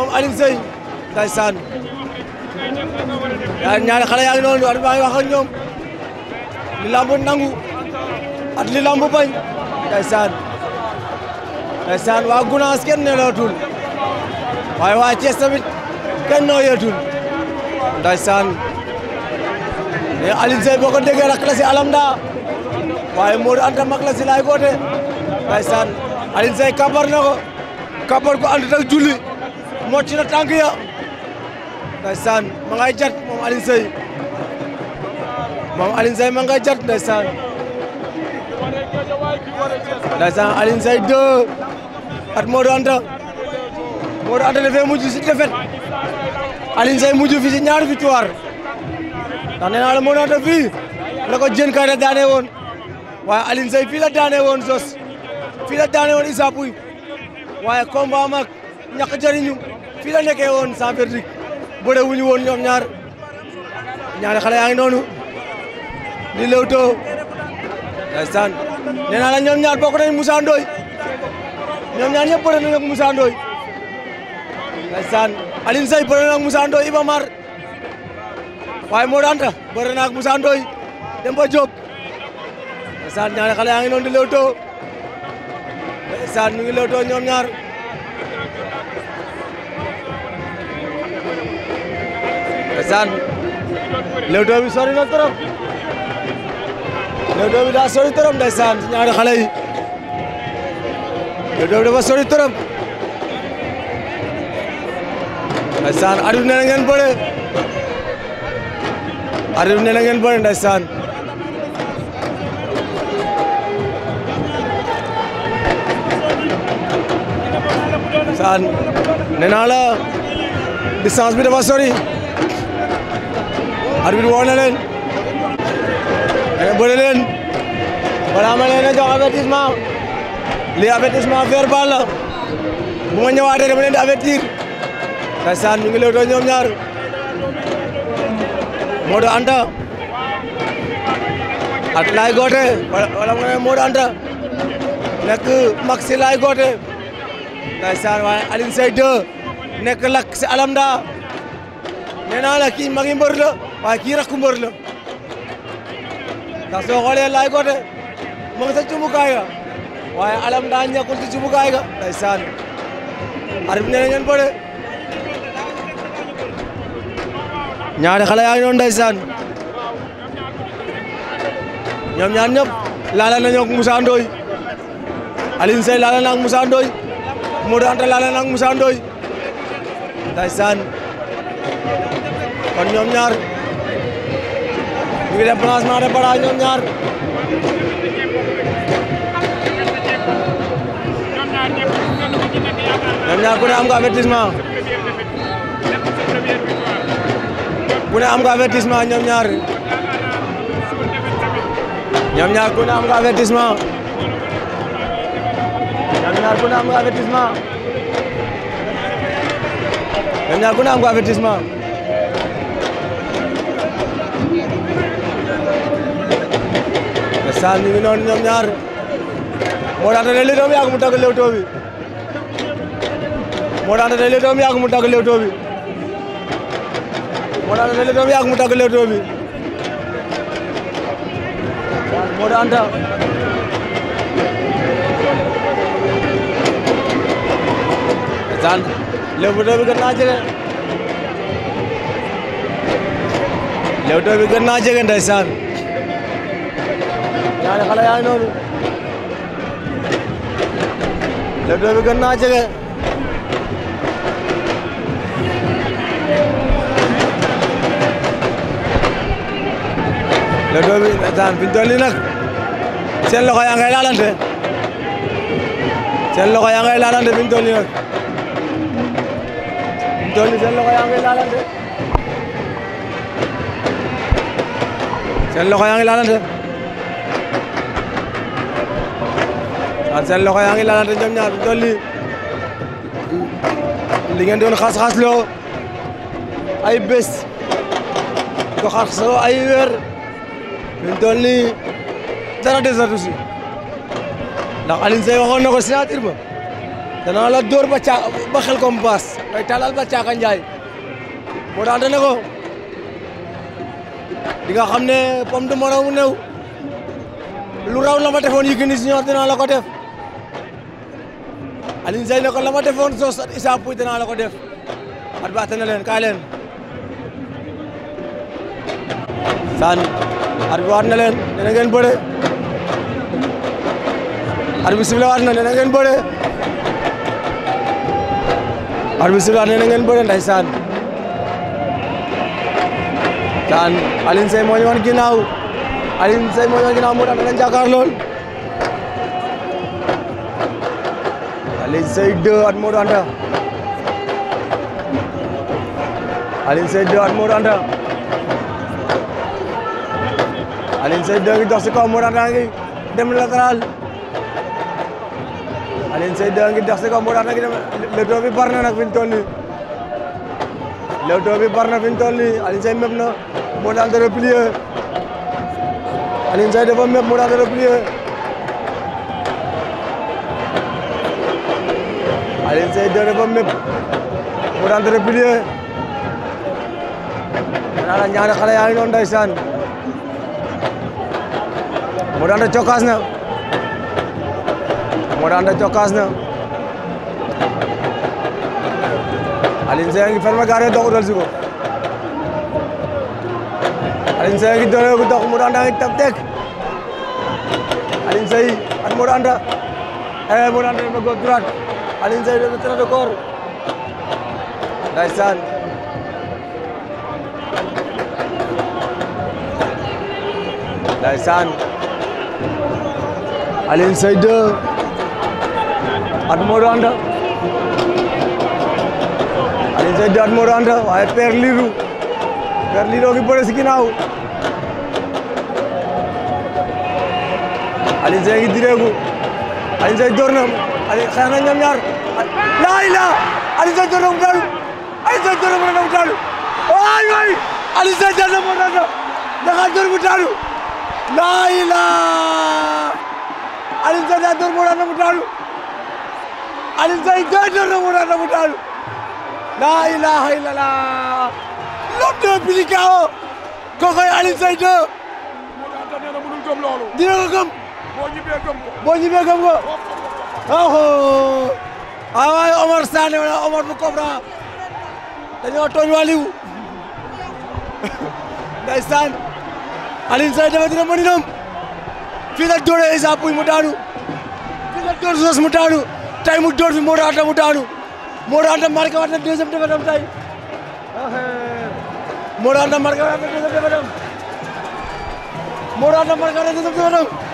moom Alioune Seye ndeysaan ñaari xale ngi noonu at maa ngi ñoom li nangu at li lamb bañ ndeysaan ndeysaan waa Gunaas kenn nelootul waaye waa Thiès tamit kenn nooyeetul ndeysaan mais Alioune alam daa waaye Modou Anta mag la si laay goote ko kabar ko ànd ak mocc na tànk ya ndeysaan ma ngay jat moom Alioune Seye moom Alioune Seye ma ngay jat ndeysaan ndeysaan Alioune Seye 2 at Modou Anta Modou Anta dafee mujj si défaite Alioune Seye mujj fi si ñaari victoire ndax nee naa la Modou Anta fii la ko jën kaay daane woon waaye Alioune Seye la daane woon Zos fii la daane woon waaye combat mag ñàkk jëriñu fii la nekkee woon sans verdict bëre wuñu woon ñoom ñaar ñaari xale yaa ngi noonu di lewtoo ndeysaan nee naa la ñoom ñaar bokk nañ Moussa Ndoye ñoom ñaar ñëpp bëre nañ ak Moussa Ndoye ndeysaan Alioune Seye bëre na ak Moussa Ndoye Iba Mar waaye moo danta bëre na ak Moussa Demba Diop ndeysaan ñaari xale yaa ngi noonu di lewtoo ndeysaan ñu ngi lewtoo ñoom ñaar ndeysaan Leewtoo bi sori na trop Leewtoo bi daa sori trop ndeysaan ci ñaari xale yi Leewtoo bi dafa sori trop ndeysaan arbitre nee na ngeen bëre arbitre nee na ngeen bëre ndeysaan ndeysaan nee naa la distance bi dafa sori arbitre bi woo na leen ne bëri leen ma leen a jox avertissement la bu ma ñëwaatee dama leen di avertir ndeysaan ñu ngi lew doo ñoom ñaar Modou Anta ak Laay Goote wala mu ne Modou Anta nekk Maxi Laay Goote ndeysaan waaye Alioune Seye nekk Lak si Alamda nee naa la kii magi mbër waaye kii rakku mbër la ndax xoolee lay gote ma nga sa cumukaay ga waaye alam daa ñàkkul ci cumukaay ga ndeysaan arbitre bi nee na ngeen bëre ñaari xale yaa ngi saan ñoom ñaar ñëpp laala nañoo ak Moussa Ndoye Alioune Seye laala na ak Moussa Ndoye Modou Anta laala na ak Moussa Ndoye ndeysaan kon ñoom ñaar ഇവിടെ പ്ലാസ്മാടെ പടാഞ്ഞു ഞാൻ ñoom ñaar ku ne am nga avertissement ne am nga avertissement ñoom ñaar ñoom ñaar ku ne am nga avertissement ñoom ñaar ku ne am nga avertissement ñaar ku ne am nga Ndeysaan ñu ngi noonu ñoom ñaar moo daan tane léegi doom yàgg mu dagg léewtoo bi moo daan tane léegi doom yàgg mu dagg léewtoo bi moo daan tane léegi doom yàgg mu dagg léewtoo bi moo daan ta Ndeysaan léewtoo naa jege léewtoo bi ñaari xale yaa ngi noonu lëbdoo bi gën naa jege lëbdoo bi daan fi dolli nag seen loxo yaa ngay laalante seen loxo yaa ngay laalante fi dolli nag dolli seen loxo yaa ngay laalante seen loxo yaa ngi laalante daan seen loxo yaa ngi laalante ñoom ñaar bu dolli li ngeen doon xas-xas loo ay bés ko xas-xasloo ay weer ñu toll nii dara desatu si ndax Alioune Seye waxoon na ko signature ba danaa la dóor ba ca ba moo daante ne ko di nga xam ne pomme de moromu néew lu raw la ma defoon yi gën si ñor dinaa la ko def Alioune Seye ne ko la ma defoon sos at Issa Pouye danaa la ko def at baate na leen kaay leen saan at waat na leen nee na ngeen bëre waat na nee na ngeen bëre at bi na ngeen bëre nday saan saan Alioune Seye moo ñu woon ginnaaw Alioune Seye moo ñu woon ginnaaw moo tax lool Alioune Seye 2 ak Modou Anta Alioune Seye 2 ak Modou Anta Alioune Seye 2 ngi dox si kaw Modou Anta ngi dem latéral Alioune Seye 2 ngi dox si kaw Modou Anta ngi dem lewtoo bi bar na nag fi ñu toll nii lewtoo bi bar na fi ñu toll nii Alioune Seye mépp na Modou Anta replié Alioune Seye dafa mépp Modou Anta replié Alioune Seye deux dafa mépp mu daan tere pilier naa la ñaari xale yaa ngi noonu ndeysaan mu daan cokkaas na mu daan da cokkaas na gaare dox udal si ko Alioune Seye ngi doole ko dox mu daan da ngi tap tek Alioune Seye ak mu daan da eh, mu daan da ma go droite Alioune Seye def na trait de corps ndeysaan ndeysaan Alioune Seye 2 at Modou Anta Alioune Seye 2 at Modou Anta waaye Père Lirou Père Lirou gi bëre si ginnaaw Alioune Seye ngi direegu Alioune Seye door na Aliou xeex na ñoom ñaar laa ilaa Aliou Seye jël na mu dalu Aliou Seye jël na mu dalu waay waay Aliou Seye jël na mu dalu dafa jël mu dalu laa ilaa Aliou Seye daa jël mu dalu mu dalu Aliou Seye jël na mu dalu mu dalu laa ilaaha illallah l'homme de Bicikao kooku ay Aliou Seye deux dina ko gëm boo ñibbee gëm ko oh ah waaye Omar Sané wala Omar bu Cobra dañoo tooñ waliw ndeysaan Alioune Seye dafa dina mëninam fii la dóoree Issa Pouye mu daanu fii la dóor Zoss mu daanu tey mu dóor fi Modou Anta mu daanu Modou Anta marqué waat na deuxième défaite am tey Modou Anta marqué waat na deuxième défaite am Modou Anta marqué waat na deuxième défaite am